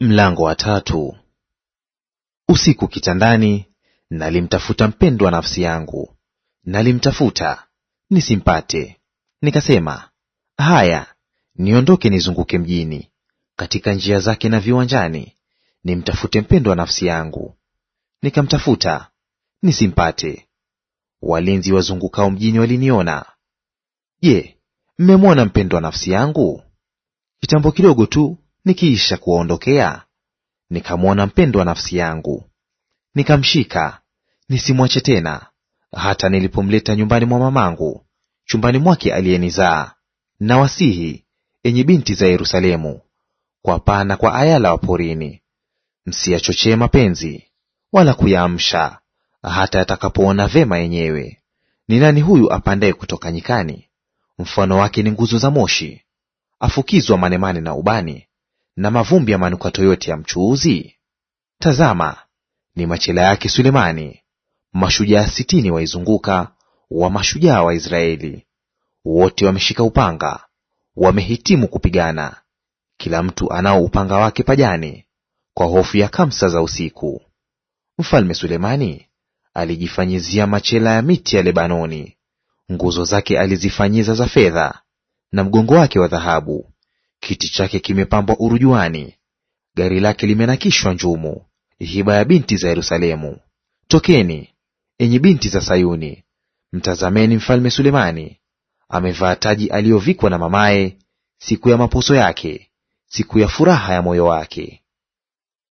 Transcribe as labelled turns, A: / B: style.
A: Mlango wa tatu. Usiku kitandani nalimtafuta mpendwa nafsi yangu, nalimtafuta nisimpate. Nikasema, haya niondoke, nizunguke mjini, katika njia zake na viwanjani, nimtafute mpendwa nafsi yangu. Nikamtafuta nisimpate. Walinzi wazungukao mjini waliniona. Je, mmemwona mpendwa nafsi yangu? Kitambo kidogo tu nikiisha kuwaondokea, nikamwona mpendwa nafsi yangu, nikamshika nisimwache tena, hata nilipomleta nyumbani mwa mamangu, chumbani mwake aliyenizaa. Na wasihi enyi binti za Yerusalemu, kwa paa na kwa ayala wa porini, msiyachochee mapenzi wala kuyaamsha, hata yatakapoona vema yenyewe. Ni nani huyu apandaye kutoka nyikani? Mfano wake ni nguzo za moshi, afukizwa manemane na ubani, na mavumbi ya manukato yote ya mchuuzi? Tazama, ni machela yake Sulemani, mashujaa sitini waizunguka, wa mashujaa wa Israeli. Wote wameshika upanga, wamehitimu kupigana; kila mtu anao upanga wake pajani, kwa hofu ya kamsa za usiku. Mfalme Sulemani alijifanyizia machela ya miti ya Lebanoni, nguzo zake alizifanyiza za fedha na mgongo wake wa dhahabu kiti chake kimepambwa urujuani, gari lake limenakishwa njumu, hiba ya binti za Yerusalemu. Tokeni enyi binti za Sayuni, mtazameni mfalme Sulemani amevaa taji aliyovikwa na mamaye, siku ya maposo yake, siku ya furaha ya moyo wake.